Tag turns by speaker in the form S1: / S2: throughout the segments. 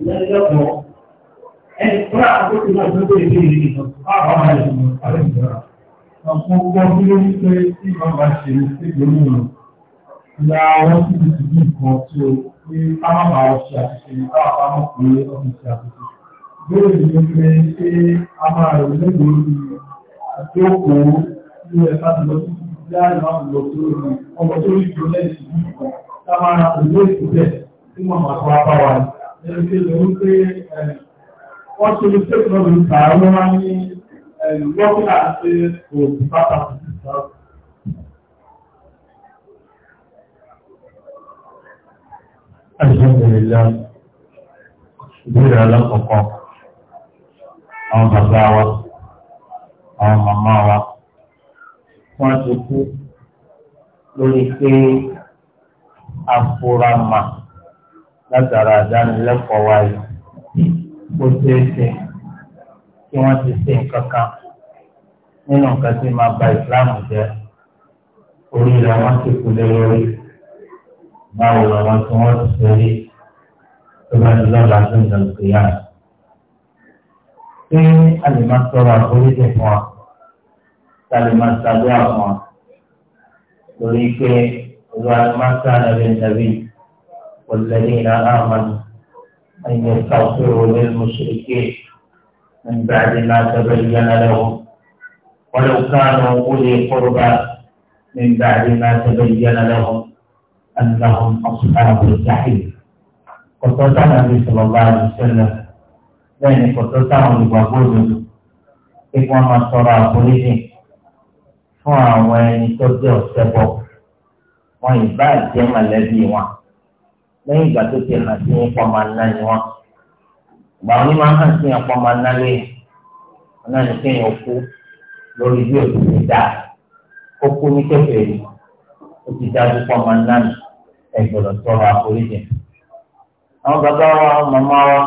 S1: ìdánilẹ́kọ̀ọ́ ẹni kọ́lá àkókò náà tó bèèrè bí ìrìn ìtàn báwọn ará ìlú alẹ́ ìjọra. Àkókò bí ó ń pẹ́ tí wọ́n bá ṣe ìṣègbè mìíràn. Ìyá wọn sì ti ti bí nǹkan tí ó pé ká má máa ṣe àṣìṣe káwá bá mọ̀ pé ọkùnrin ṣe àṣìṣe. Bẹ́ẹ̀ ni ó fẹ́ ṣe a máa rẹ̀ lẹ́gbẹ̀ẹ́ orí àjókòó tí ẹ bá ti lọ sí ìdílé àìmọ́ lọ sí ẹ̀rẹ́kẹ́ lòun pé wọ́n tó lè tẹ́kù lọ́dún tààrà wọ́n wá ní lọ́kùnrin àti Alhamdulillah, ìbéèrè alákọ̀ọ́kọ́, àwọn bàbá wa, àwọn màmá wa, wọ́n ti kú lórí pé àfúramà látara àdánilẹ́kọ̀ọ́ wa yìí kó ṣeé ṣe kí wọ́n ti ṣe nǹkan kan nínú nǹkan tí máa ba ìsìláàmù jẹ́ orí rẹ̀ wọ́n ti kú lé lórí báwo làwọn tí wọ́n ti ṣe rí tó bá ní lọ́la tó ń dàgbé yá. Ṣé a lè máa sọ̀rọ̀ àforíjì fún wa? Ṣé a lè máa ṣàdúrà fún wa? pé olúwa máa ń sáré nàbí. والذين آمنوا أن يستغفروا للمشركين من بعد ما تبين لهم ولو كانوا أولي قربى من بعد ما تبين لهم أنهم أصحاب الجحيم قصة النبي صلى الله عليه وسلم لأن قصته لبابوده إخوة ما صرى أقوليه fún àwọn ẹni tó jẹ́ ọ̀sẹ̀ bọ̀ wọn ìbá jẹ́ mọ̀lẹ́bí wọn lẹ́yìn ìgbà tó ti hàn sí ẹ̀kọ́ máa ná ni wọ́n ìgbà wọn ni máa hàn sí ẹ̀kọ́ máa ná lẹ́yìn wọn náà ní kéèyàn kú lórí bí òkú ti dáa ó kú ní kékeré ó ti dáa púpọ̀ máa ná ni ẹ gbọ́dọ̀ tọrọ àforíjì àwọn bàbá wa màmá wa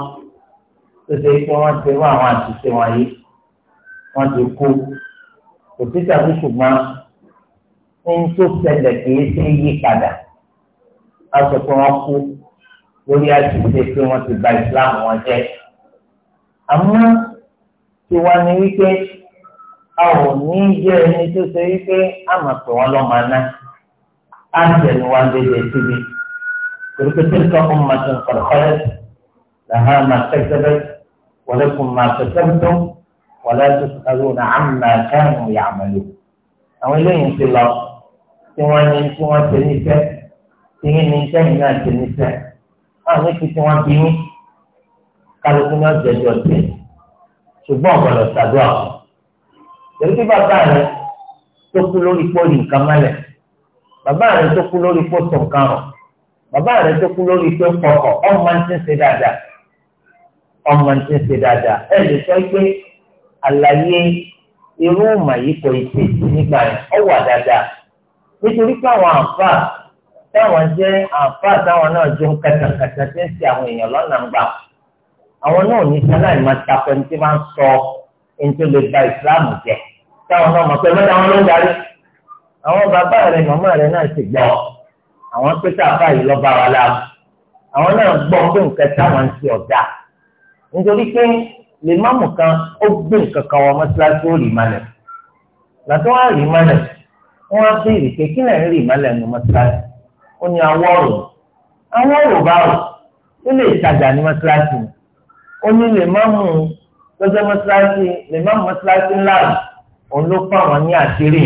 S1: tó ṣe pé wọ́n ti mú àwọn àṣìṣe wọn yìí wọ́n ti kú kò sí tàbí ṣùgbọ́n ohun tó ṣẹlẹ̀ kì í ṣe yí padà aṣọ pé wọ́n kú lórí àṣìṣe pé wọ́n ti bà ìsìláàmù wọn jẹ́ àmọ́ tí wọ́n ní wípé a ò ní jẹ́ ẹni tó ṣe wípé a mà pé wọ́n lọ́ọ́ máa ná á tẹ̀lé wọn dédé síbi torí pé tí nǹkan kan máa ṣe nǹkan kọ́lẹ́ làhá máa kẹ́sẹ́bẹ́ wọlé kún máa kẹ́sẹ́bẹ́ wọlé tó sọ́dọ̀ náà á máa kẹ́hìn ìyàmẹ́lò àwọn eléyìí ti lọ tí wọ́n ní tí wọ́n ṣe níṣẹ́ èyí ni sẹ́yìn náà ti ní sẹ́ àwọn èkì tí wọ́n bí yín kálukú náà jẹjọ tẹ̀ ṣùgbọ́n ọ̀gbọ́dọ̀ ṣàdúrà wọn. Tẹ̀lé kí bàbá rẹ tó kú lórí pọ́ọ̀lì nǹkan mẹ́lẹ̀ bàbá rẹ tó kú lórí pọ́ọ̀tọ̀ nǹkan rọ̀ bàbá rẹ tó kú lórí pé pọ̀kọ̀ ọmọ ń ti ń ṣe dáadáa ọmọ ń ti ṣe dáadáa ẹ lè sọ pé àlàyé irú màyí kò ì nítorí pé àwọn àǹfààní táwọn jẹ́ àǹfààní táwọn náà jó kàtàkàtà tí ń ṣe àwọn èèyàn lọ́nà ń gbà àwọn náà ní sálà ìmọ̀ takọ ní tí wọ́n sọ ní tó lè ba ìsìláàmù jẹ táwọn náà mọ̀ pé mẹ́ta wọn ló ń darí àwọn bàbá rẹ màmá rẹ náà ti gbọ́ àwọn pété àbá yìí lọ́ba wa láàmú àwọn náà gbọ́ pé nǹkan táwọn ń ṣe ọ̀dà nítorí pé lè má mú kan ó gbé nǹkan kan wọn mọ́ṣáláṣí ó rì malẹ̀ làtọ́ wọn rì malẹ̀ wọn á béèrè pé kí lẹ́yìn rì malẹ̀ nu mọ́ṣáláṣí ó ní àwọn ọ̀rọ̀ àwọn ọ̀rọ̀ báwò nílé ìtajà ní mọ́ṣáláṣí ó ní lè má mú lọ́jọ́ mọ́ṣáláṣí lè má mú mọ́ṣáláṣí ńlá rẹ̀ òun ló fún àwọn ní àṣírí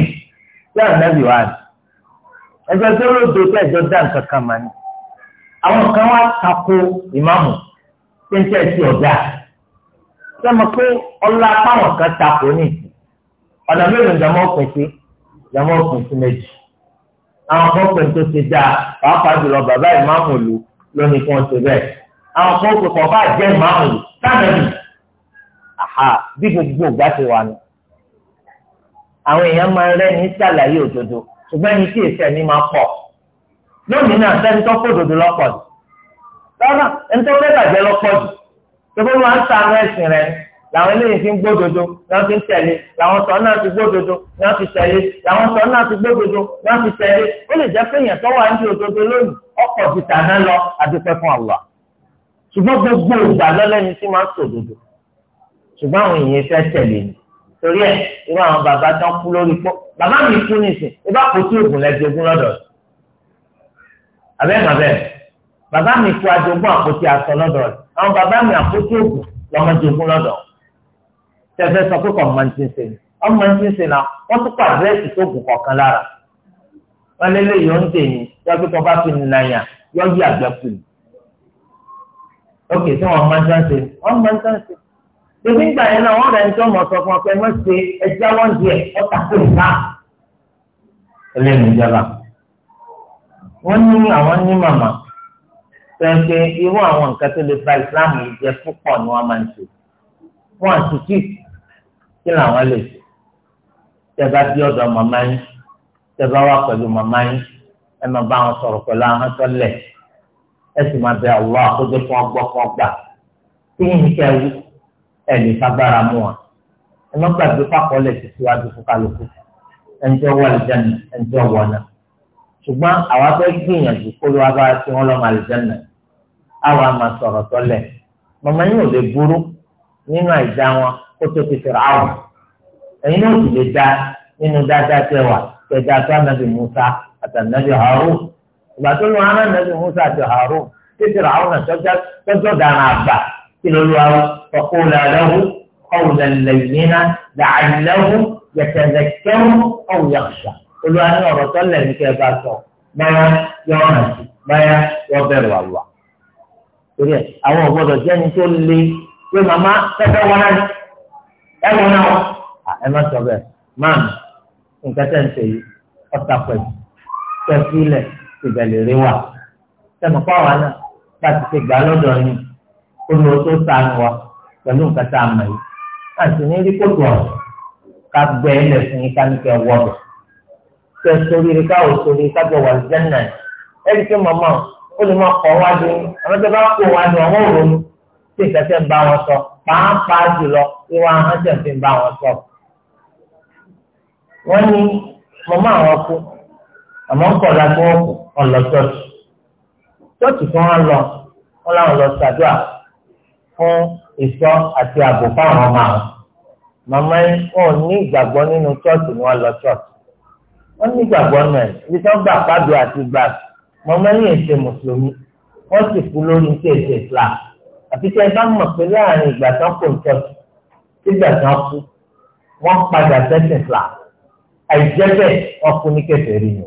S1: tí ànábì wà ní. ẹjọ́ tó lóde tó ẹjọ́ dá nǹkan kan mà ní. àwọn kan wá tako ìmáàmù tí ń tẹ̀ sí ọ̀gá sọmọ pé ọlá táwọn kan tako ní ọ̀nà mélòó ìjàmọ́ òpin sí ìjàmọ́ òpin sí méjì àwọn kọ́pìn tó ti dáa pàápàá jùlọ bàbá ìmáàmù lù lónìí kí wọ́n ti bẹ́ẹ̀ àwọn kọ́pìn kan bá jẹ́ ìmáàmù lù sáàmì àhà bí gbogbo ògbà ti wà nù. àwọn èèyàn máa ń rẹ́ni sàlàyé òdodo ṣùgbọ́n ẹni tí èsì ẹni máa pọ̀ lónìí náà sẹ́ni tó kó òdodo lọ́pọ̀ jù lọ́nà ẹni tó fẹ́ bàjẹ́ lọ́pọ̀ jù ṣùgbọ́n máa ń sàánú ẹ̀sìn rẹ̀ ni làwọn eléyìí fi ń gbódodo náà fi ń tẹ̀lé làwọn sọ náà fi gbódodo náà fi tẹ̀lé làwọn sọ náà fi gbódodo náà fi tẹ̀lé ó lè jẹ́ pé èèyàn tó wà ní òdodo lónìí ọkọ̀ ti tàná lọ adúpẹ́ fún Allah ṣùgbọ́n gbogbo ìgbà lọ́lẹ́ni tí máa ń sòdodo ṣùgbọ́n àwọn èèyàn fẹ́ tẹ̀lé ni torí ẹ̀ irú àwọn bàbá tán kú lórí pọ́ bàbá mi kú nìsín ibà kò tí òògùn lẹ́gbẹ̀ẹ́gún lọ́dọ̀ abẹ́ẹ̀ màbẹ́ẹ̀ bàbá mi kú adógún àpótí aṣọ lọ́dọ̀ rẹ̀ àwọn bàbá mi àpótí òògùn lọ́mọdógún lọ́dọ̀ rẹ̀ tẹfẹ sọ pé kọmọ ti ń ṣe ọmọ ti ń ṣe náà wọn tún kọ àdírẹ́sì tó gùn kọ̀ọ̀kan lára wọn lé lè yọ ń tèmi yọ pé kọ bá fi nàyà yọ yí àgbẹ̀kù ni ok tí wọn máa ń tán ṣe wọn máa ń tán ṣe tèmi gbà yẹn náà wọn rẹ ń tọmọ sọ fún ọ pé wọn ṣe ẹja wọn díẹ̀ ọta kò nípa ẹlẹ́nu ìjọba wọn ní àwọn ní màmá pẹ̀lú irú àwọn nǹkan tó lè ba ìsìláàmù jẹ púpọ̀ ni wọ́n máa ń ṣe wọn àti kíkì kí làwọn lè ṣe tẹ́ bá bí ọ̀dọ̀ màmá yín tẹ́ bá wà pẹ̀lú màmá yín ẹ máa bá wọn sọ̀rọ̀ pẹ̀lú ahọ́n tó lẹ̀ ẹ sì máa bẹ àwọn àkójọ fún ọgbọ́ fún ọgbà tí yìnyín kẹ́ wú ẹ lè fagbára mú wọn ẹ má gbàgbé pápọ̀ lẹ̀ sí síwájú fún kálukú ẹni wọ àlùjánnà ẹni wọ náà ṣùgbọ́n àwa fẹ́ gbìyànjú kó ló wá bá tí wọ́n lọ́mọ àlùjánnà àwa máa sọ̀rọ̀ tọ́lẹ̀ màmá yín ò lè burú nínú àìdá wọn kótó tó ti fèrè àwọn ẹ̀yin náà sì lè dá nínú dáadáa tẹ wà kẹjá tó ànábì Musa àtànábì Harun ìgbà tó lọ hàn ànábì Musa àti Harun tí fèrè àwọn náà tọ́jọ́ dáná àgbà kí ló lọ ọkọ̀ làlẹ́hu ọ̀wùlẹ̀ lẹ́yìnínà làlẹ́hu yẹtẹ̀lẹ̀kẹ́hu ọ̀wùyàkṣà olùwà ní ọ̀rọ̀ tó lẹ̀ ní kẹ́ bá sọ báyà yọ ọ̀nà sí báyà yọ bẹ̀rù àlọ́ torí ẹ̀ àwọn ọ̀gbọ́dọ̀ jẹ́ni tó le da ninu daadaa te wa keja to anabi musa atanabi haru igba to lo han anabi musa ati haru ti fere awon naa tojo dana agba tẹ́tẹ́ lu wọn náà ẹ wò náà ẹ má sọ bẹ́ẹ̀ máa nǹkan tẹ̀ ń ṣe yìí ọ̀tà pẹ̀lú tẹ̀sílẹ̀ ìbẹ̀lẹ̀ rí wà tẹ̀mọ̀ pàwọn náà láti ṣe gbà lọ́dọ̀ yìí kó ló tó sànù wa pẹ̀lú nǹkan tá a mọ̀ yìí àti ní rí kótó ọ̀rọ̀ ká gbẹ ilẹ̀ fún yín ká ní kẹ́ wọ́ bẹ̀ tẹ̀ sórí rí káwọ̀ sórí kájọ wà jẹ́nà ẹ̀rí pé màmá ìwà ahọ́nsẹ̀ fi ń bá wọn sọ. wọ́n ní mọ̀mọ́ àwọn kú àmọ́ ń kọ̀ láti wọ́n kù wọ́n lọ ṣọ́ọ̀ṣì. ṣọ́ọ̀ṣì tí wọ́n lọ wọ́n láwọn lọ ṣàdúrà fún ìṣọ́ àti ààbò fáwọn ọmọ àwọn. màmá yín wọn ò ní ìgbàgbọ́ nínú ṣọ́ọ̀ṣì ni wọ́n lọ ṣọ́ọ̀ṣì. wọ́n ní ìgbàgbọ́ náà ibi tí wọ́n gbà pàdé àti gbà màmá yín èsè mùsùlùmí wọ́n sì kú lórí ní èsè Islam àti tí ẹ bá mọ̀ pé láàrin ìgbà tán kò ń ṣọ́ọ̀ṣì nígbà tí wọ́n kú wọ́n padà sẹ́sìn tese àìjẹ́ eje wọ́n kú ní kèfèrí ni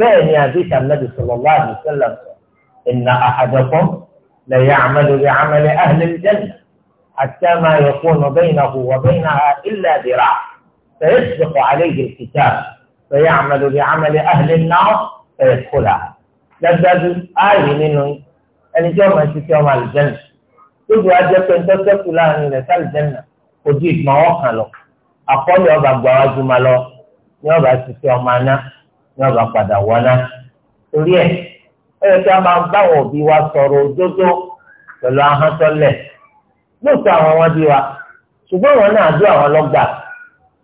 S1: ri ni àdéhùn anábì sallallahu alaihi ena inna leyin amale re amale 'amali ahli al-jannah hatta ma yakunu baynahu wa baynaha illa dira' فيسبق عليه الكتاب فيعمل بعمل أهل النار فيدخلها dájúdájú ààyè nínú ẹni tí ọmọ ẹsẹ tí ọmọ àlùjẹnà tó ju ajẹ pé ń tọ́jú ẹkù láàrin rẹ̀ sálùjẹnà ojú ìgbọ̀n wọn kàn lọ àkọ́lé ọba gbàwájú ma lọ ní ọba ṣiṣẹ́ ọmọ aná ní ọba padà wọná torí ẹ̀ ó yẹ kí a máa báwọn òbí wa sọ̀rọ̀ òdodo pẹ̀lú ahọ́ntọ́lẹ̀ lóòótọ́ àwọn wọn bí wa ṣùgbọ́n wọn náà dún àwọn lọ́gbà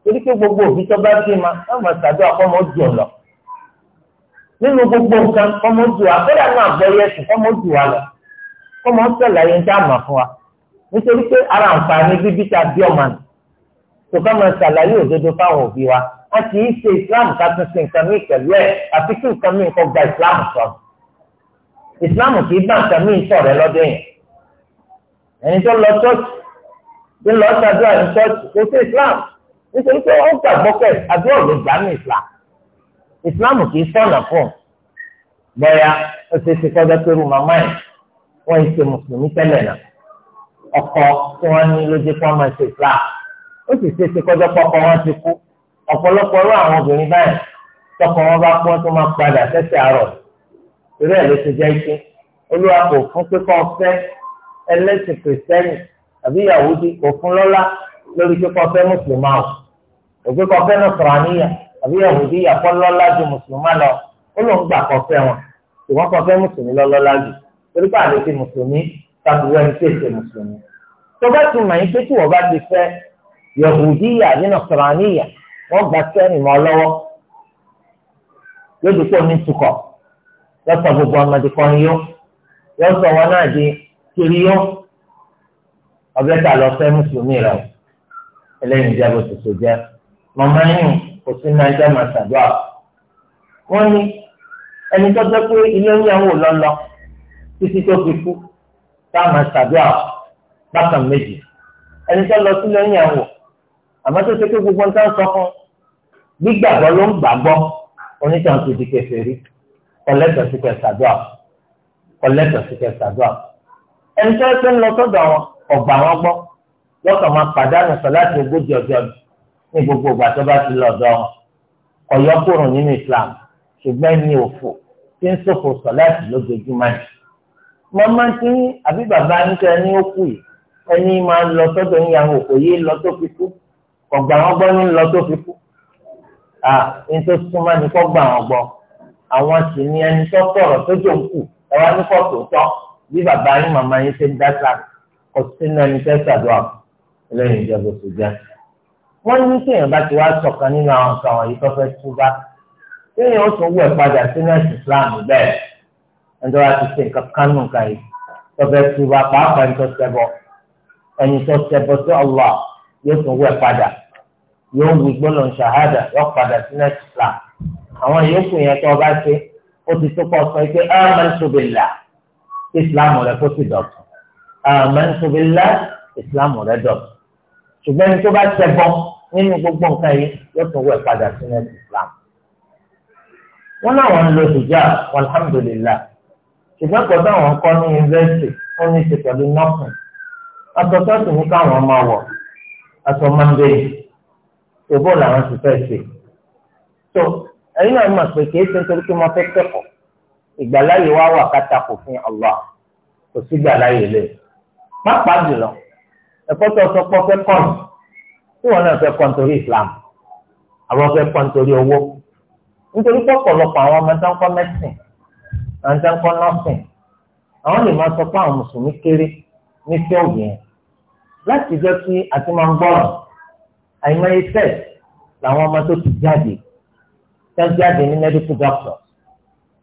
S1: torí pé gbogbo òbí tó bá bí ma wọn mọ̀ sàdó àkọ́mọ́ jù lọ nínú gbogbo nǹkan kọ́mọ́ jù wa kọ́dà náà bọ́ yẹ̀sùn kọ́mọ́ jù wa lọ kọ́mọ́ sọ̀lá yẹn dá àmà fún wa nítorí pé ara àǹfààní bíbí ta bí ọmọ nù tó ká máa ṣàlàyé òdodo fáwọn òbí wa a kì í ṣe islam ká tún ṣe nǹkan míì pẹ̀lú ẹ̀ àfi kí nǹkan míì kọ́ gba islam sọ islam kì í bá nǹkan míì sọ̀rọ̀ lọ́dọ̀ yẹn ẹni tó lọ ṣọ́ọ̀ṣì tó lọ ṣàdúrà ní ṣọ́ọ̀ṣì kò sí islam nítorí pé ó gbàgbọ́ pẹ̀ àdúrà ló gbà ní islam islam kì í sọ̀nà fún un bọ́yá ó ṣe é ṣe kọ́jọ́ pé rú màmá ẹ̀ wọ́n ń ṣe mùsùlùmí tẹ́lẹ̀ náà ọkọ tí wọ́n ní lójú kọ́ máa ṣe fúlà ó sì ṣe ṣe kọjọ́ pọ́pọ́ wọn ti kú ọ̀pọ̀lọpọ̀ rú àwọn obìnrin báyìí tọkọ wọn bá pọ́n tó máa padà sẹ́sẹ̀ àárọ̀ ìrú ẹ̀ ló ti jẹ́ ike olúwa kò fún kíkọ́ fẹ́ ẹlẹ́sìn kìrìsìtẹ́nì àbí Yàhúdì kò fún lọ́lá lórí kíkọ́ fẹ́ mùsùlùmá o kò kíkọ́ fẹ́ Nasraniya àbí Yàhúdì yàpọ̀ lọ́lá ju mùsùlùmá lọ ó lóun gbà kọ́ fẹ́ wọn ìwọ́n kọ́ fẹ́ mùsùlùmí lọ́lọ́lá jù torí ti mùsùlùmí tàbí wẹ́n tí èsè mùsùlùmí. tó bá ti mọ̀ yín pé tí wọ́n bá ti fẹ́ yẹ̀hùdíyà nínú sọ̀ràníyà wọ́n gba sẹ́ni mọ́ lọ́wọ́ lójú pé omi tukọ̀ lọ́sọ̀ gbogbo ọmọdé kan yó lọ́sọ̀ wọn náà di kiri yó ọbẹ̀ tà lọ fẹ́ mùsùlùmí rẹ̀ ẹlẹ́yìn jẹ́ bó tètè jẹ́ mọ̀mọ́ yín kò sí náà jẹ́ màsàdúà wọ́n ní ẹni tó jẹ́ pé ilé oúnjẹ ń wò lọ́lọ́ títí tó fi kú táwọn ṣàdúrà bákan méjì ẹni tó lọ sílẹ̀ ń yẹn wò àmọ́ tó ṣe pé gbogbo ń tán sọ fún gbígbàgbọ́ ló ń gbàgbọ́ onítàn ti di kèfèrí kọ̀lẹ́tọ̀ sí kẹ̀ ṣàdúrà kọ̀lẹ́tọ̀ sí kẹ̀ ṣàdúrà ẹni tó ṣe ń lọ sọ́dọ̀ àwọn ọ̀gbà wọn gbọ́ lọ́kàn máa pàdánù sọ láti ogójì ọjọ́ ní gbogbo ìgbà tó bá ti lọ ọ̀dọ̀ wọn kọ̀yọ́kùrùn nínú Islam ṣùgbọ́n ẹni òfò tí ń ṣòfò sọ láti lójoojúmọ́ yìí mọ́mọ́ tí àbí bàbá níta ẹni ó kù yìí ẹni máa ń lọ sọ́dọ̀ níyàwó kò yé lọ tó fi kú kọ̀gbà wọn gbọ́ ní lọ tó fi kú à ní tó súnmọ́ ní kọ́gbà wọn gbọ́ àwọn sì ni ẹni tó sọ̀rọ̀ tó jò ń kù ẹ wá ní kọ́ọ̀tù tọ́ bí bàbá yín màmá yín ṣe ń dáta kò sínú ẹni tẹ́ sàdúrà lẹ́yìn ìjọba tó jẹ́ wọ́n ní kéèyàn bá ti wá sọ̀kan nínú àwọn nǹkan wọ̀nyí tó fẹ́ túbá kéèyàn ó tún wẹ̀ padà sínú ẹ̀sìn ẹnitọ́ wa ti ṣe nǹkan kan nù nǹkan yìí tọ́fẹ́ tu wa pàápàá ẹni tó ṣẹbọ ẹni tó ṣẹbọ sí Allah yóò tún wẹ̀ padà yóò wí gbọ́dọ̀ ṣàhádà yóò padà sí nẹ́tìlá àwọn yòókù yẹn tó bá ṣe ó ti tó pọ̀ sọ pé amantu billah islam rẹ kó sì dọ̀tun amantu billah islam rẹ dọ̀tun ṣùgbọ́n ẹni tó bá ṣẹbọ nínú gbogbo nǹkan yìí yóò tún wẹ̀ padà sí nẹ́tìlá wọn náà wọn lo hijab alhamdulillah ṣùgbọ́n pọ̀ táwọn kọ́ ní yunifásitì ó ní ṣe pẹ̀lú nọ́ọ̀kùn aṣọ sọ́ọ̀tì ní káwọn máa wọ̀ aṣọ mọ́ndéyì ṣòbó làwọn ti fẹ́ ṣe. tó ẹ̀yin náà mọ̀ pé kìí ṣe nítorí pé wọ́n fẹ́ kẹ́kọ̀ọ́ ìgbàláyè wá wà kátàkù fún Allah kò sí ìgbàláyè lẹ̀ pápá jùlọ ẹ̀kọ́ tó sọ pé fẹ́ kọ́ ni tí wọ́n náà fẹ́ kọ́ nítorí Islam àwọn fẹ́ kọ́ nítorí owó nítorí pọ̀pọ̀lọpọ̀ àwọn ọmọ tó ń kọ́ mẹ́sìn àwọn tẹ́ ń kọ́ nọ́ọ̀sìn àwọn lè máa sọ pé àwọn mùsùlùmí kéré ní fíọ́ọ̀gì yẹn láti jẹ́ kí àti máa ń gbọ́rọ̀ àìmọye sẹ́ẹ̀ làwọn ọmọ tó ti jáde tẹ́ jáde ní medical doctor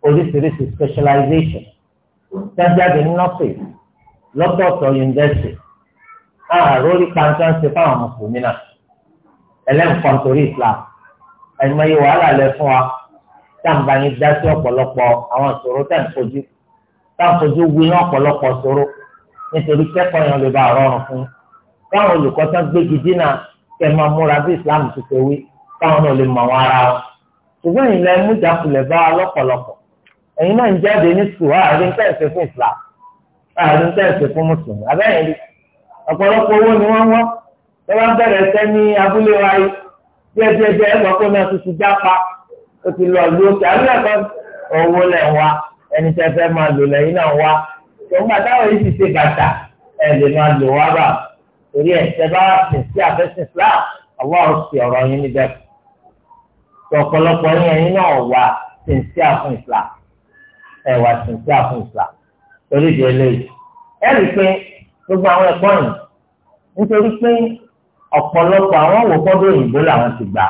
S1: oríṣiríṣi specialization tẹ́ jáde ní nọ́ọ̀sìn lọ́tọ̀ọ̀tọ̀ yunifásitì ààrò orí pàǹtà ń ṣe fáwọn mùsùlùmí náà ẹlẹ́nkọ́ nítorí Islam àìmọye wàhálà lẹ fún wa táǹbà yín dá sí ọ̀pọ̀lọpọ̀ àwọn ìṣòro táǹfojú táǹfojú wí ní ọ̀pọ̀lọpọ̀ ṣòro nítorí kẹ́kọ̀ọ́ yẹn lè bá rọrùn fún yín káwọn olùkọ́ tán gbégi dínà kẹ́ máa múra bí Islam ti ṣe wí káwọn náà lè mọ àwọn ara wọn ṣùgbọ́n ìlẹ̀ mújàkulẹ̀ bá lọ́pọ̀lọpọ̀ ẹ̀yin náà ń jáde ní sùúrù àárín tẹ̀sí fún Islam àárín tẹ̀sí fún mùsùlùmí ni wọ́n wọ́n wọ́n bẹ̀rẹ̀ sẹ́ ní abúlé wa yìí ó ti lọ lu òkè àbí ẹ̀kọ́ owó lẹ̀ wá ẹni tẹ́ fẹ́ máa lò lẹ́yìn náà wá ṣùgbọ́n táwọn yìí ti ṣe bàtà ẹ̀ lè máa lò wá bà torí ẹ̀ tẹ́ bá sìn sí àfẹ́sìn Islam àwọn òsì ọ̀rọ̀ yín níbẹ̀ tó ọ̀pọ̀lọpọ̀ yín ẹ̀yin náà wà sìn sí àfún Islam ẹ̀ wà sìn sí àfún Islam torí ìdí eléyìí ẹ̀ rí pé gbogbo àwọn ẹ̀kọ́ yìí nítorí pé ọ̀pọ̀lọpọ̀ àwọn òwòkọ́dọ̀ òyìnbó làwọn ti gbà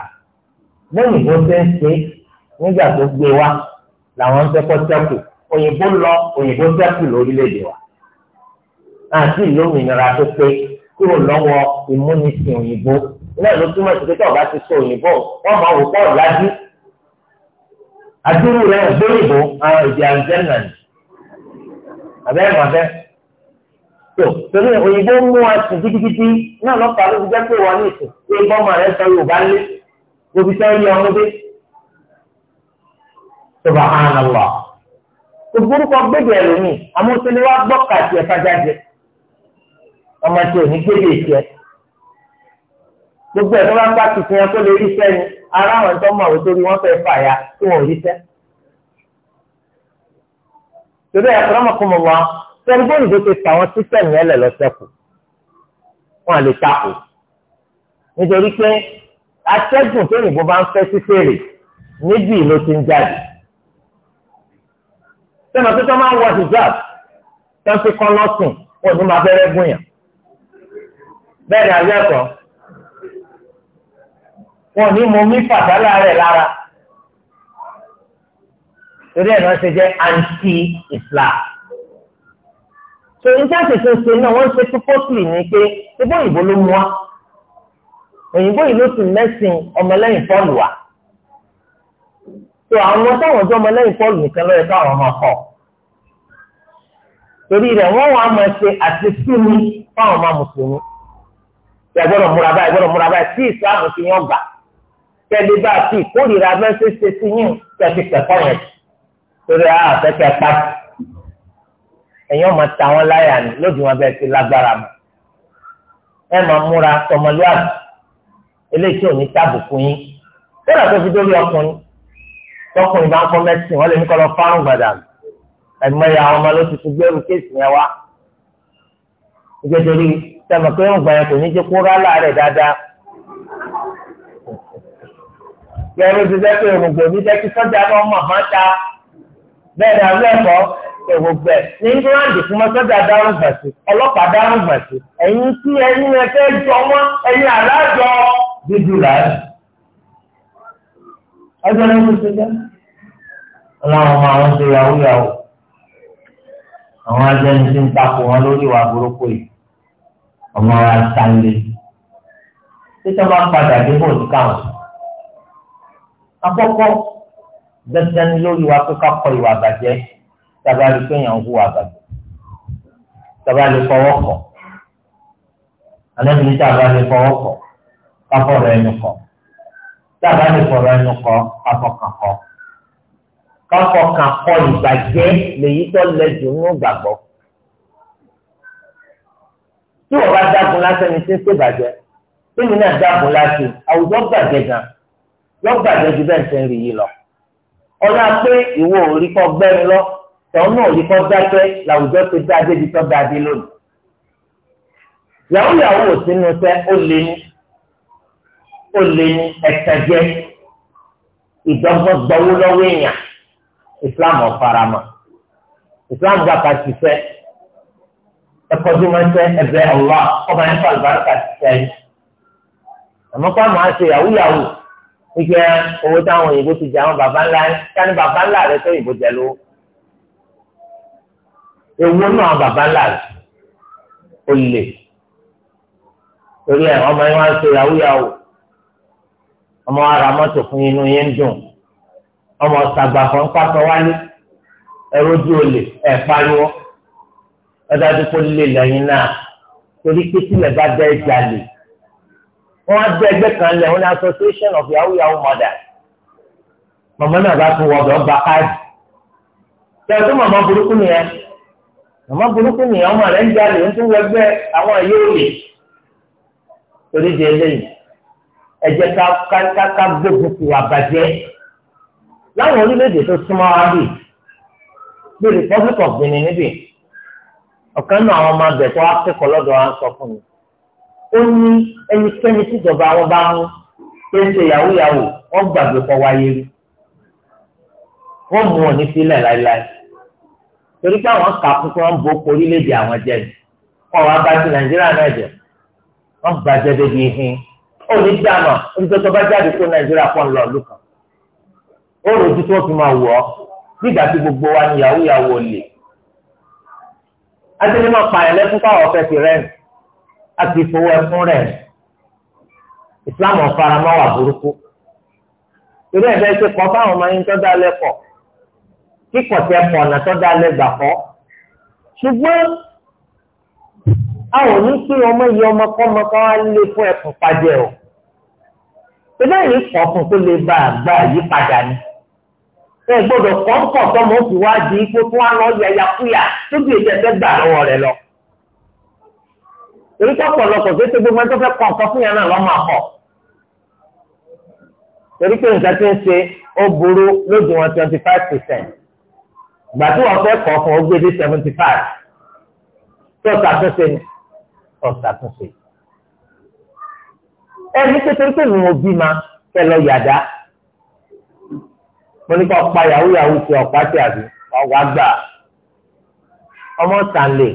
S1: lóyìnbó ṣe ń ṣe nígbà tó gbé wa làwọn ń fẹ́kọ́ sẹ́kù òyìnbó lọ òyìnbó sẹ́kù lórílẹ̀‐èdè wa àti ìlómìnira tó pé kúrò lọ́wọ́ ìmúnisìn òyìnbó iná ló túmọ̀ sí pé tí ọba ti sọ òyìnbó wọ́n máa wò pọ̀ lájú adúrú rẹ̀ gbóyìnbó àwọn èdè àjẹ́nà ni àbẹ́rẹ́ màbẹ́ tó torí òyìnbó mú wa sùn gidigidi náà lọ́pàá ló ti jẹ́ pé wọ́n ní ìsìn pé bọ́mọ rẹ̀ sọ Yorùbá lé gbogbo sẹ́yìn ọmọdé subhanallah ògbórúkọ gbèdè ẹlòmí amúsílẹ wa gbọ kàtì ẹfájáde ọmọ tí ò ní gbèdè tiẹ gbogbo ẹ̀tọ́ bá ń bá tuntun yẹn tó lè rí sẹ́ni ara àwọn tó mọ̀ òtórí wọ́n fẹ́ fà ya tí wọ́n rí sẹ́. torí ẹ̀ fọ́nmọ́ kún mọ́ wọn sẹ́ni bóyá ìdókè tàwọn sísẹ́mù yẹn lẹ̀ lọ́sẹ̀kù wọn lè takò nítorí pé atẹ́gùn tó yìnbó bá ń fẹ́ sí fèrè níbi ìlú ti ń jáde sẹ́nà tó sọ máa ń wọ hijab tẹ́sí kan lọ́sùn wọn ò ní máa fẹ́rẹ́ gùn yàn bẹ́ẹ̀ ni àlẹ́ ẹ̀kọ́ wọn ò ní mọ mí fàdálà rẹ̀ lára torí ẹ̀ náà ṣe jẹ́ anti-Islam tòun tí a sì ṣe ṣe náà wọ́n ṣe pípọ́sìlì ní pé ibó ìbò ló mú wa òyìnbó yìí ló sì mẹ́sìn ọmọlẹ́yìn fọ́ọ̀lù wa tó àwọn táwọn jọ ọmọ lẹ́yìn Pọ́ọ̀lù nìkan lọ́yẹ káwọn ọmọ kọ̀ torí rẹ̀ wọ́n wàá máa ṣe àti súnmi fáwọn ọmọ mùsùlùmí ìyàgbọ́dọ̀ múra báyìí ìyàgbọ́dọ̀ múra báyìí tí ìsìláàmù ti yàn gbà tẹ́lẹ̀ bá ti ìkórìíra mẹ́sẹ̀ ṣe sí yín tẹ̀sí pẹ̀kọ́ yẹn torí a ah, àfẹ́kẹ́ pa ẹ̀yin ọmọ táwọn láyà ni lójú wọn bẹ́ẹ̀ ti lágbára mọ́ ẹ máa múra tọmọlúwàbí eléyìí tí ò ní tábùkù yín tẹ́lẹ̀ tó fi dórí ọkùnrin tọkùnrin bá ń kọ́ mẹ́sìn wọ́n lè ní kọ́ lọ fárùn gbàdà ẹ̀gbọ́n ya ọmọ ló ti fi gbẹ́rù kéèsì yẹn wá. ìgbẹ́jọ́rí sẹ́mi pé ń gbàyàn kò ní jẹ́ kó rálá rẹ̀ dáadáa. yẹ́rù ti jẹ́ pé òrùngbò ní jẹ́ kí sọ́jà náà mọ̀ máa ta bẹ́ẹ̀ ni àwọn ẹ̀kọ́ èrò gbẹ ní England fún mọ sọ́jà dárùn gbàsí ọlọ́pàá dárùn gbàsí ẹ̀yin tí ẹ̀yin ẹ fẹ́ jọ wọn ẹ̀yin alájọ dídú làárẹ. ọjọ́ náà ló ṣe jẹ́ ọlọ́run ọmọ àwọn ṣe yahoo yahoo àwọn ajẹ́ni tí ń takò wọn lórí ìwà burúkú yìí ọmọ wa sálé títí wọn bá padà dé bò ní káwọn àkọ́kọ́ dandan lórí wa pé ká kọ ìwà bàjẹ́ tábà lè pé yàn ń hùwà bàjẹ́ tábà lè fọwọ́ kọ̀ alẹ́bìnrin tábà lè fọwọ́ kọ̀ káfọ̀rọ̀ ẹnu kọ̀ tábà fọ̀rọ̀ ẹnu kọ̀ káfọ̀kàn kọ̀ ọkọ̀kan kọ ìgbàjẹ́ lèyí tó lẹ́jọ́ ní ìgbàgbọ́. tí wọ́n bá dágun lásán ni tí ń ṣèbàjẹ́ tèmi náà dágun lásán àwùjọ gbàjẹ́ gan yọ gbàjẹ́ ju bẹ́ẹ̀ ṣe ń rí yìí lọ. ọlá pé ìwọ ò rí kọ́ gbẹ́ni lọ tọ́hún náà ò rí kọ́ dákẹ́ làwùjọ ti dá débi tó dá dé lónìí. yàwó yàwó ò sínú sẹ́ ó lé ní ó lé ní ẹ̀tẹ̀jẹ́ ìdọ́gbọ́gbọ́wó lọ́wọ́ èèyàn islam ọ̀farama islam gba ká ṣiṣẹ́ ẹ̀kọ́jú máa ń tẹ ẹ̀bẹ̀ ọ̀la ọba yẹn fà lùbáríkà ṣiṣẹ́ yìí àmọ́ kó àwọn àṣẹ yahoo yahoo wípé owó táwọn òyìnbó ti jẹ àwọn baba ńlá sani baba ńlá rẹ tó òyìnbó jẹ lówó ewu náà baba ńlá rẹ ó lè torí ẹ ọmọ yẹn wá ń ṣe yahoo ọmọ ara mọ́tò fún inú yẹn ń dùn ọmọ ṣàgbàfọ̀ ń pàtó wáyé ẹrójú olè ẹ̀ pariwo ọdájú kó lè lẹ́yìn náà torí pé tílẹ̀ bá dẹ́ ìjà lè wọ́n á dé ẹgbẹ́ kan lẹ̀ wọ́n ní association of yahoo yahoo mothers màmá náà bá tún wọ̀dọ̀ gba káàdì tẹ̀ tó màmá burúkú nìyẹn màmá burúkú nìyẹn ọmọ rẹ̀ ń jalè ń tún wẹgbẹ́ àwọn ẹ̀yẹ́ òye torí di eléyìí ẹ ká ká ká gbógun ti wà bàjẹ́. láwọn orílẹ̀-èdè tó súnmọ́ wá bì bí republic of benin níbì ọ̀kan náà àwọn ọmọ abẹ tó wá kẹ́kọ̀ọ́ lọ́dọ̀ wa ń sọ fún mi ó ní ẹnikẹ́ni tíjọba wọn bá mú ń ṣe yahoo yahoo gbàgbé kọ́ wáyé rí wọ́n mú wọn ní sílẹ̀ láéláé torí pé àwọn kà fún kí wọ́n bo oko orílẹ̀-èdè àwọn jẹ́ ni kọ́ wa bá ti nàìjíríà náà débi ihin ó kan. ó rojú tí wọ́n fi máa wọ̀ ọ́ nígbà tí gbogbo wa ni yahoo yahoo lè. adélé máa pààyàn lẹ́kún káwọn fẹ́ fi rẹ́ǹ a sì fowó ẹkún rẹ̀ ìsìláàmù ọ̀faramọ́ wà burúkú. ìlú ẹ̀fẹ́ ṣe kọ́ fáwọn ọmọ yín tó dá lẹ́kọ̀ọ́ kíkọ̀ tẹ pọ̀ ọ̀nà tó dá lẹ́gbà kọ́. ṣùgbọ́n a ò ní kí ọmọ yìí ọmọ kọ́mọ kan wá lé fún ẹkùn pàjẹ́ o. ìbéèrè kọ̀ọ̀kan tó lè bá àgbà yípadà ni ẹ gbọ́dọ̀ kọ́ńkọ̀ tọmọ òfin wá di ipò tó wá lọ yàyàkúyà tóbi èyí ẹ̀fẹ́ gbà lọ́wọ́ rẹ lọ. èyí tó pọ̀lọpọ̀ tó ṣe gbogbo ẹni tó fẹ́ kọ́ nǹkan fún yẹn náà lọ́mọ àkọ́. torí pé nǹkan ti ń ṣe ó burú lójú wọn twenty five percent ìgbà tí wọn fẹ́ kọ́ fún ó gbé dé seventy five tó ṣàtúnṣe ni ó ṣàtúnṣe. ẹ ní torí pé mi ò bí ma fẹ́ lọ yàdá wọ́n ní kó ọ̀pá yahoo yahoo ti ọ̀pá tí àbí ọ̀wá ọmọ sàlẹ̀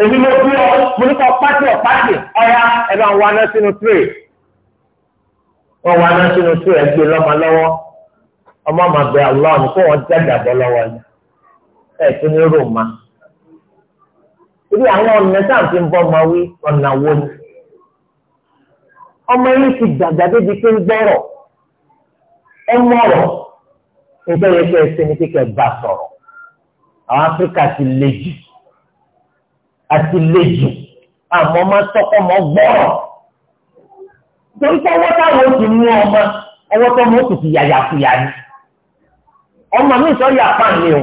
S1: èmi ló bí ọ mo ní kó tí ọ̀pá tí ọya ẹ bá wà náà sínú tray wọ́n wà náà sínú tray ẹ gbé lọ́mọ lọ́wọ́ ọmọ máa bẹ àlọ́ kó wọ́n jáde àbọ̀ yìí tún ní roma ọmọ wí ọ̀nà wo ni ọmọ yìí ẹ mọ̀rọ̀ ẹgbẹ́ yẹn kẹ́ ẹ ṣe ni kíkẹ́ bá sọ̀rọ̀ àwọn áfíríkà ti le jù àti le jù àmọ́ máa tọ́kọ́ mọ́ gbọ́rọ̀ torí pé ọwọ́ táwọn ò ti mú ọmọ ọwọ́ tó mọ́ òtútù yàyàkuyà ni ọmọ mi sọ yàpá mi o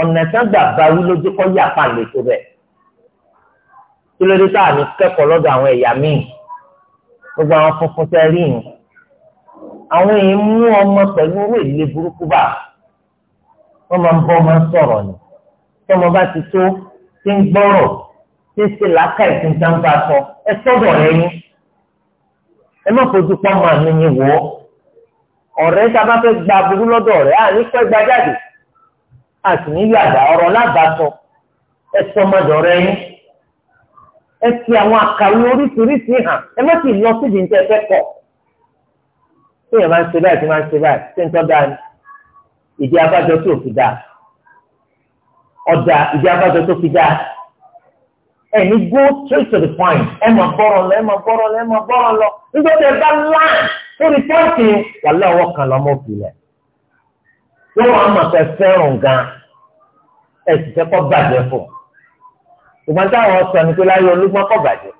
S1: ọ̀nà tán gbà báwí lójú kọ́ yàpá mi tó bẹ̀ kí ló dé táà ní kẹ́kọ̀ọ́ lọ́dọ̀ àwọn ẹ̀yà míì gbogbo àwọn funfun tẹ́ rí yìí àwọn èèyàn mú ọmọ pẹ̀lú owó ìdílé burúkú bá wọ́n máa ń bọ́ ọmọ sọ̀rọ̀ ni tọmọ bá ti tó ti ń gbọ́rọ̀ ti ṣe làákà ìpínjàmbá sọ ẹ sọ́dọ̀ rẹ yín ẹ má fojú pọ́nmọ́ àmì yín wọ́ ọ̀rẹ́ tá a bá fẹ́ gba burú lọ́dọ̀ rẹ̀ á ní pẹ́ gba jáde á sì ní yàgbá ọ̀rọ̀ lábàásọ ẹ sọmọdọ̀ rẹ yín ẹ ti àwọn àkàwé oríṣiríṣi hàn ẹ má sì lọ síbi ní tí èèyàn máa ń ṣe báyìí tí máa ń ṣe báyìí tí ń tọ́ da ni ìdí abájọ tí ò fi da ọ̀dà ìdí abájọ tó fi da ẹ̀yin go straight to the point ẹ máa bọ́rọ̀ lọ ẹ máa bọ́rọ̀ lọ ẹ máa bọ́rọ̀ lọ nígbà tí ẹ bá láàn lórí pọ́ǹtì wàhálà ọwọ́ kan lọ́mọ òfìlẹ̀ wọ́n wàá mọ̀ pé fẹ́ràn gan ẹ sì fẹ́ kọ́ bàjẹ́ fún un ìgbà táwọn sọ ni pé láyé olúgbọ́n kọ́ bàjẹ́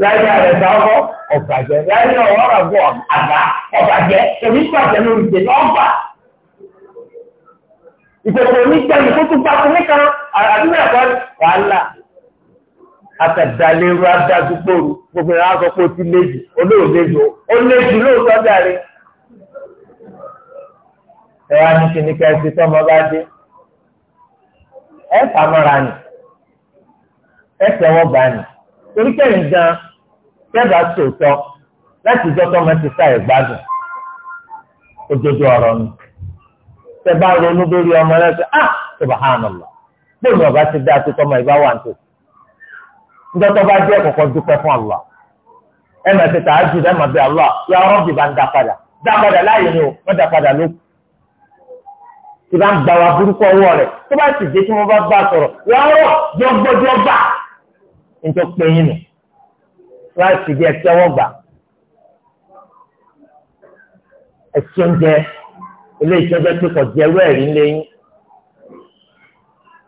S2: láyé àrẹ sáwọ́ ọ̀bàjẹ́ láyé ọ̀wọ́ àgbọ̀ àgbà ọ̀bàjẹ́ èmi pàṣẹ lórí
S1: ìdè lọ́gbà. ìkòkò mi jẹun tó tún bá fún mi kan àdúrà ẹ̀kọ́ wàhálà. Akàdàlérú adágbóru gbogbo ìran aṣọ pé ó ti léjì olóò léjì o ó léjì lóòótọ́ dàrí. Ẹ wá ní kíni ká ẹ ti tọ́ ọmọ bá dé. Ẹ fà mọ́ra nì. Ẹ tẹ̀wọ́ bá nì torí kẹ́yìn gan kẹ́bà sòótọ́ láti jọ́tọ́ máa ti sa ìgbádùn òdodo ọ̀rọ̀ ni tẹ́bà ronú lórí ọmọ rẹ sọ ah subhanallah bóun ni ọba ti dá tó tọ́ ma ìbá wà tó ńdọ́tọ́ bá jẹ́ kọ̀kọ́ dúpẹ́ fún Allah ẹ máa ti tà á jù ẹ máa bẹ Allah ya Rabbi bá ń dá padà dá padà láàyè ni o wọ́n dá padà lókù tí bá ń gbà wá burúkú ọwọ́ rẹ̀ tó bá sì dé tí wọ́n bá bá sọ̀rọ̀ yàrá jọgbọ́jọgbà níjọ́ pé yín nù láti bí ẹ tẹ́wọ́ gbà ẹ tí ó ń jẹ eléyìí tó jẹ́ pé kò jẹ́ irú ẹ̀rí lẹ́yìn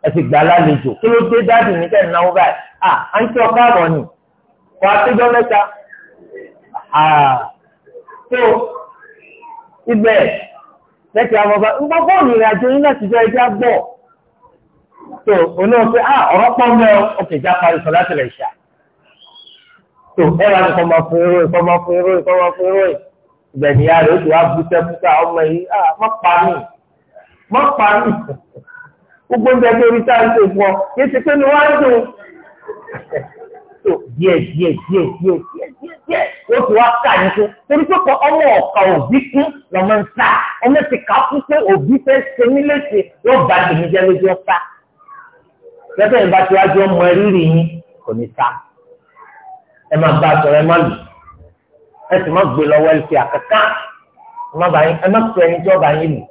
S1: ẹ ti gbà lálejò kí ló dé dáàbì mi tẹ̀ náwó báyìí à á ń tí ọkọ àbọ̀ ni kò àtijọ́ mẹ́ta tó ibẹ̀ lẹ́tì àwọn bá ń gbọ́ bọ́ọ̀lù ìrìnàjò yín láti jẹ́ ẹjẹ́ àgbọ̀ tó onáwó pé ah ọ̀rọ̀ pọ̀ mọ́ ọkè já parí sọ láti lè ṣá tó ẹ̀rọ ni kọ́mọ fún eré kọ́mọ fún eré kọ́mọ fún eré ìgbẹ̀nìyà rẹ̀ ó ti wá bútẹ́ bútẹ́ ọmọ yìí ah má pa mí má pa mí gbogbo ń bẹ tó rí táà ń tó fún ọ yé ti pé ni wọ́n á dùn tó díẹ̀ díẹ̀ díẹ̀ díẹ̀ díẹ̀ díẹ̀ díẹ̀ ó ti wá ká ní fún torí pé kọ ọmọ ọ̀ka òbí kún lọ́mọ ń sá ọmọ ti kà á fún pé òbí fẹ́ ṣe mí léṣe yóò bá tèmi jẹ́ lójú ọ̀sá lẹ́sẹ̀ yìí bá ti wájú ọmọ rírì yín kò ní ta ẹ máa bá a sọ̀rọ̀ ẹ má lù ẹ sì má gbé lọ́wọ́ ẹ fi àkàkà ẹ má sọ ẹni tí ọba yín lù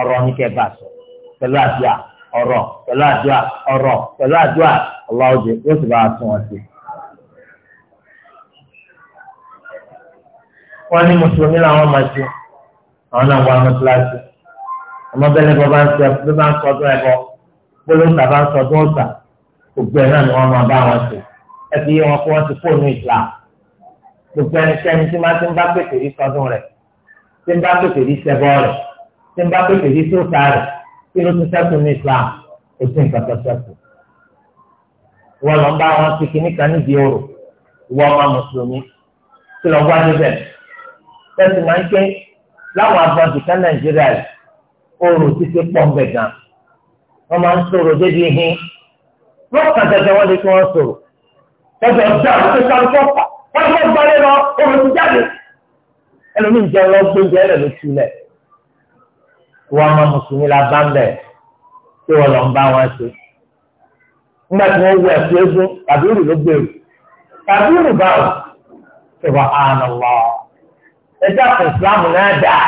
S1: ọ̀rọ̀ ní kẹ́ bá a sọ pẹ̀lú àdúrà ọ̀rọ̀ pẹ̀lú àdúrà ọ̀rọ̀ pẹ̀lú àdúrà ọlọ́ọ̀dẹ yóò sì bá a sún wọn sí. wọ́n ní mùsùlùmí làwọn máa ṣe àwọn náà wà ní kíláàsì ọmọ bọ́ bá ń sọ ọdún gbólóńtà bá ń sọ ọdún ọ̀sà gbogbo ẹ̀ náà ni wọ́n máa bá wọn ṣe ẹ fi yé wọn kó wọ́n ti fóònù Islam gbogbo ẹnikẹ́ni tí máa ti ń bá pèsè rí sọdún rẹ̀ tí ń bá pèsè rí sẹ́bọ̀ rẹ̀ tí ń bá pèsè rí sóòtà rẹ̀ kí ló ti sẹ́kù ní Islam ó ti ń kàtà sẹ́kù. wọ́n lọ bá wọn ti kíní kan nídìí òrò ìwọ ọmọ mùsùlùmí kí lọ wá níbẹ̀ tẹ́sí máa ń ké láwọn wọ́n máa ń sọ̀rọ̀ débi hin wọ́n kà tẹ̀tẹ̀ wọ́n lè fi wọ́n sọ̀rọ̀ tẹ̀tẹ̀ ọ̀dà àti sàǹtọ́ pa wọ́n fẹ́ gbalẹ̀ lọ òun ti jáde ẹlòmíì jẹ́ lọ gbóúnjẹ rẹ̀ ló túlẹ̀ wọ́n máa mùsùlùmí la bá ń bẹ̀ tí wọ́n lọ ń bá wọn ṣe nígbà tí wọ́n wú ẹ̀kú eégún kàbírù ló gbèrú kàbírù báwò ṣèwà àná lọ ẹjọ́ àpò ìsìlámù náà dáa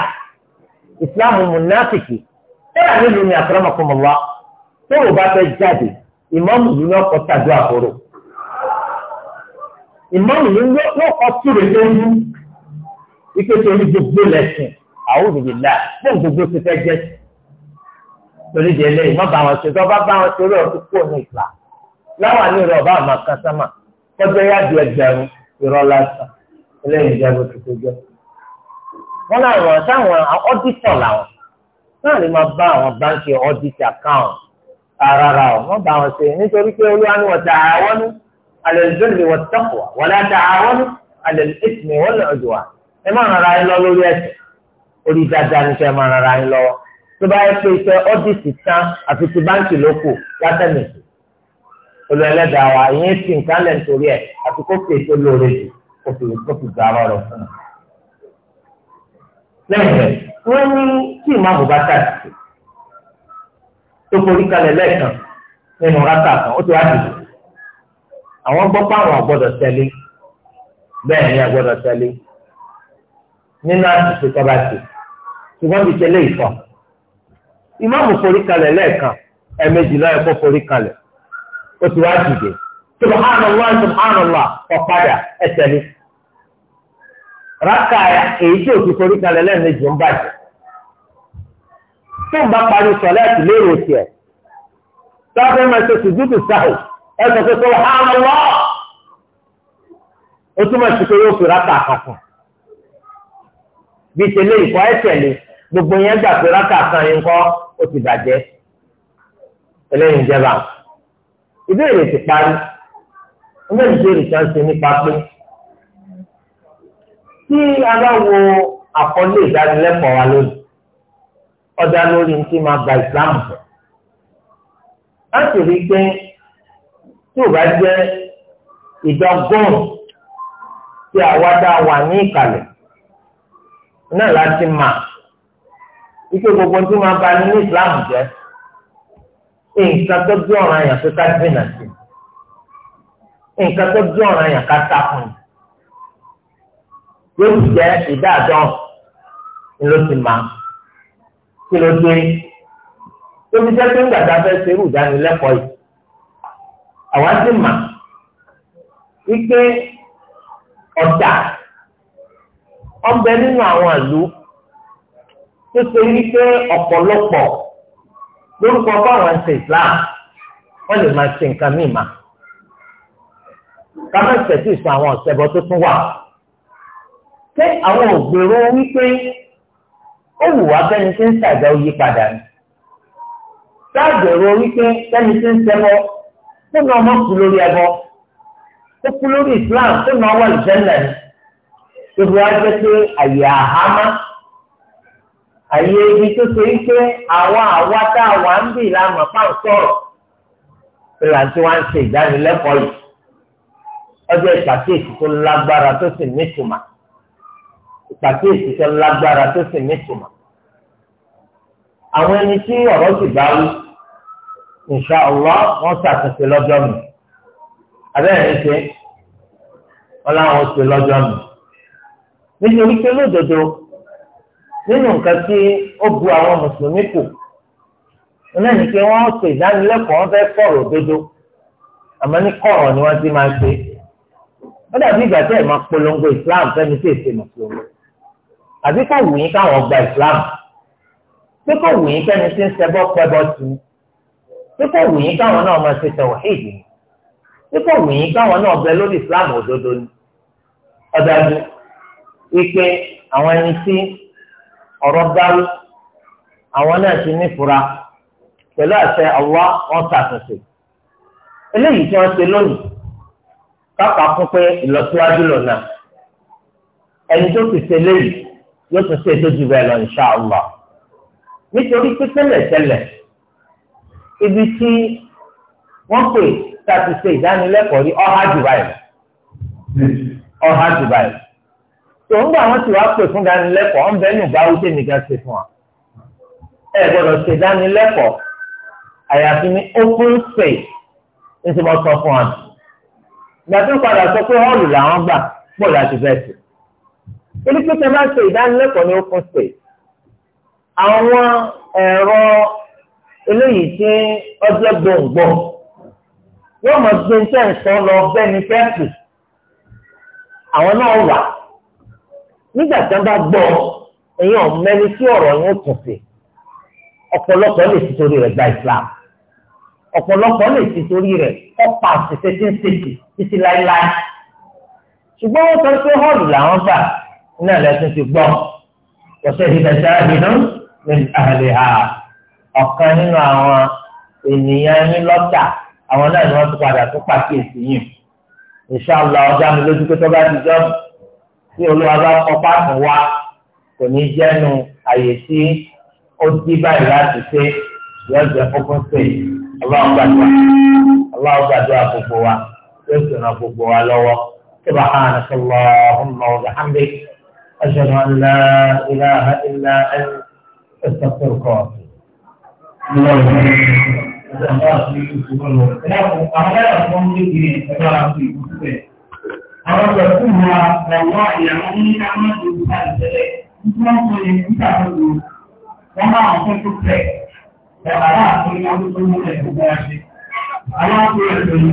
S1: ìsìlámù mùnáfìkì ẹ̀rọ tó o bá fẹ́ jáde ìmáàmù yìí ni ọkọ̀ tàbí àbúrò ìmáàmù yìí ni ọkọ̀ túrè tó ń mú ike tó ní gbogbo lẹ́sìn àwọn òbílà fún gbogbo ti fẹ́ jẹ́ torí di ẹlẹ́yìn má bá wọn ṣe tó bá bá wọn ṣe lọ́wọ́ tó kú òní ìgbà láwọn ní ìrọ̀ bá àmà kan sámà kọjá yá di ẹgbẹ̀rún ìrọ̀ lásán ẹlẹ́yìn ìjẹ́bù tuntun jẹ́ wọn làwọn táwọn ọdítọ̀ làwọn náà lè máa bá àwọn báńkì ọdítì àkáùntì àràrà ọ̀ wọ́n bá wọn ṣe nítorí pé olúwa ni wa ta'awanu 'ala al-birri wat-taqwa wa la ta'awanu 'ala al-ithmi wal-'udwan ẹ máa rara yín lọ lórí ẹ̀ṣẹ̀ orí dáadáa ní kẹ́ ẹ máa rara yín lọ́wọ́ tó bá yẹ pé iṣẹ́ ọ́dìsì tán àfi ti báńkì ló kù látẹ̀mẹ̀sì olùẹlẹ́dàá wa ìyẹn ti nǹkan lẹ̀ nítorí ẹ̀ àti kó fi èso lóore jù kó fi kó fi gbà wọ́n lọ fún lẹ́yìn rẹ̀ wọ́n ní kí ìmáàmù bá tàbí tó forí kalẹ̀ lẹ́ẹ̀kan nínú rákà kan ó ti wá dìbò àwọn gbọ́ pé àwọn àgbọ̀dọ̀ tẹ̀lé bẹ́ẹ̀ ni àgbọ̀dọ̀ tẹ̀lé nínú àtúnṣe tọ́ba tè ṣùgbọ́n bí tẹ̀lé ìfọ̀ ìmáàmù forí kalẹ̀ lẹ́ẹ̀kan ẹ̀ẹ̀mejì lọ́yẹ̀ kó forí kalẹ̀ ó ti wá dìde subhanallah subhanallah ọ̀padà ẹ̀tẹ̀lé rákà èyí tí ò ti forí kalẹ̀ lẹ́ẹ̀mejì ń bàjẹ́ tó ń bá parí sọ̀láàtì lérò tiẹ̀ tọ́fẹ́ máa ṣe sùjúdù sáà ẹ sọ pé sọ́wọ́ hàn lọ́ ó túmọ̀ sí pé yóò fi rákà kan fún bí tẹ̀lé ìkọ́ ẹ̀ tẹ̀lé gbogbo yẹn gbà pé rákà kan yẹn kọ́ ó ti bàjẹ́ ẹlẹ́yin ìjẹba ìbéèrè ti parí ẹgbẹ́ ìbéèrè kan ṣe nípa pé tí a bá wo àkọlé ìdánilẹ́kọ̀ọ́ wa lónìí ọjà lórí ní máa gba ìsìlámù fẹ́. láti rí i pé tí ò bá jẹ́ ìdọ́gọ́rùn tí àwa dá wà ní ìkàlẹ̀ náà láti mà ike gbogbo tí máa ba ní ìsìlámù jẹ́ nǹkan tó dún ọ̀ràn àyàn tó ká dínà sí nǹkan tó dún ọ̀ràn àyàn ká takùn yóò jẹ́ ìdá àdán máa kí ló dé tóbi jẹ́ pé ńgbà tá a fẹ́ ṣe irú ìdánilẹ́kọ̀ọ́ yìí àwa ti mà wípé ọ̀dà ọbẹ̀ nínú àwọn àlù tó ṣe wípé ọ̀pọ̀lọpọ̀ lórúkọ báwọn ń ṣe Islam wọ́n lè máa ṣe nǹkan míì mà kámẹ́sẹ̀ sì sọ àwọn ọ̀sẹ̀ bọ́ tó tún wà ṣé àwọn ògbèrò wípé ó wù wá bẹ́ni tí ń ṣàgbà ó padà ni. Sáàbẹ̀rù wípé bẹ́ni tí ń ṣẹbọ tó na ọmọ kú lórí ẹbọ ó kú lórí Islam tó na ọwọ́ ìṣẹ̀lẹ̀ ni. Gbogbo wa jẹ́ pé àyè àhámá àyè ibi tó ṣe wípé àwa àwa tá a wà ń bì lánà pàǹsọ̀rọ̀ ìlà tí wọ́n ń ṣe ìdánilẹ́kọ̀ọ́ yìí ọjọ́ ìpàkíyèsí tó lágbára tó sì nítumọ̀ ìpàkíyèsí tó lágbára tó sì nítumọ̀ àwọn ẹni tí ọ̀rọ̀ sì bá wí insha Allah wọ́n ṣàtúnṣe lọ́jọ́ mi abẹ́rẹ́ ṣe wọ́n láwọn ṣe lọ́jọ́ mi nítorí pé lódodo nínú nǹkan tí ó bu àwọn mùsùlùmí kù náà ni pé wọ́n ṣe ìdánilẹ́kọ̀ọ́ wọn fẹ́ẹ́ kọ̀rọ̀ òdodo àmọ́ ní kọ̀rọ̀ ni wọ́n ti máa ṣe ó dàbí ìgbà tí ẹ̀ máa polongo Islam fẹ́ni tí èsì mùsùlùmí àbí kò wù yín káwọn gba islam bí kò wù yín kẹ́ni tí ń ṣẹbọ pẹbọ tu bí kò wù yín káwọn náà máa ṣe tawhid ni bí kò wù yín káwọn náà bẹ lórí islam òdodo ni ọ̀dájú wípé àwọn ẹni tí ọ̀rọ̀ dáwó àwọn náà ti nífura pẹ̀lú àṣẹ Allah wọn ṣàtúnṣe eléyìí tí wọ́n ṣe lónìí kápá fún pé ìlọsíwájú lọ́nà ẹni tó ti ṣe léyìí yóò tún ṣe ètò jù bẹ́ẹ̀ lọ insha Allah nítorí pé tẹ́lẹ̀tẹ́lẹ̀ ibi tí wọ́n pè tá a ti ṣe ìdánilẹ́kọ̀ọ́ rí ọ̀há Dubai ọ̀há Dubai tó ń gbà wọ́n ti wá pè fún ìdánilẹ́kọ̀ọ́ ń bẹ́ẹ̀ nù bá wúté nìkan ṣe fún wa ẹ gbọ́dọ̀ ṣe ìdánilẹ́kọ̀ọ́ àyàfi ní open space ní ti wọ́n sọ fún wa gbàtí padà sọ pé họ́ọ̀lù làwọn gbà pọ̀ láti fẹ́ sí i torí pé tẹ bá ṣe ìdánilẹ́kọ̀ọ́ ní open space àwọn ẹ̀rọ eléyìí tí ọjọ́ gbòǹgbò yóò mọ̀ gbé ń tẹ̀sán lọ bẹ́ni fẹ́ẹ̀kì àwọn náà wà nígbà tí wọ́n bá gbọ́ ẹ̀yin ọ̀mẹ́ni tí ọ̀rọ̀ yẹn kùn sí ọ̀pọ̀lọpọ̀ lè ti torí rẹ̀ gba Islam ọ̀pọ̀lọpọ̀ lè ti torí rẹ̀ ọ̀pá àṣìṣe tí ń ṣèṣì títí láéláé ṣùgbọ́n wọ́n sọ pé họ́ọ̀lù làwọn gbà náà lẹ́sìn ti gbọ́ ọ̀sẹ̀ ìdàjà ìdán ní àhàlẹ̀ ha ọ̀kan nínú àwọn ènìyàn ní lọ́tà àwọn náà ni wọ́n ti padà tó pàkíyèsí yìí ìṣàlọ ọjà mi lójú pé tó bá ti jọ́ tí olúwa bá kọ́ páàkì wa kò ní jẹ́nu àyè tí ó dí báyìí láti ṣe yóò jẹ́ open space ọlọ́run gbàdúrà ọlọ́run gbàdúrà gbogbo wa yóò sì ràn gbogbo wa lọ́wọ́. سبحانك اللهم وبحمدك أشهد أن لا إله إلا أنت أستغفرك وأتوب Àwọn ọ̀pọ̀ fún wa ọ̀wọ́ ìyàwó ní àwọn ìgbà ìṣẹ̀lẹ̀ tí wọ́n kò lè nígbà gbogbo wọ́n máa ń fún tó pẹ̀ ẹ̀bàrá àti ìyàwó tó mú ẹ̀kùnkú ẹ̀ṣẹ̀. Àwọn ọ̀pọ̀ ẹ̀ṣẹ̀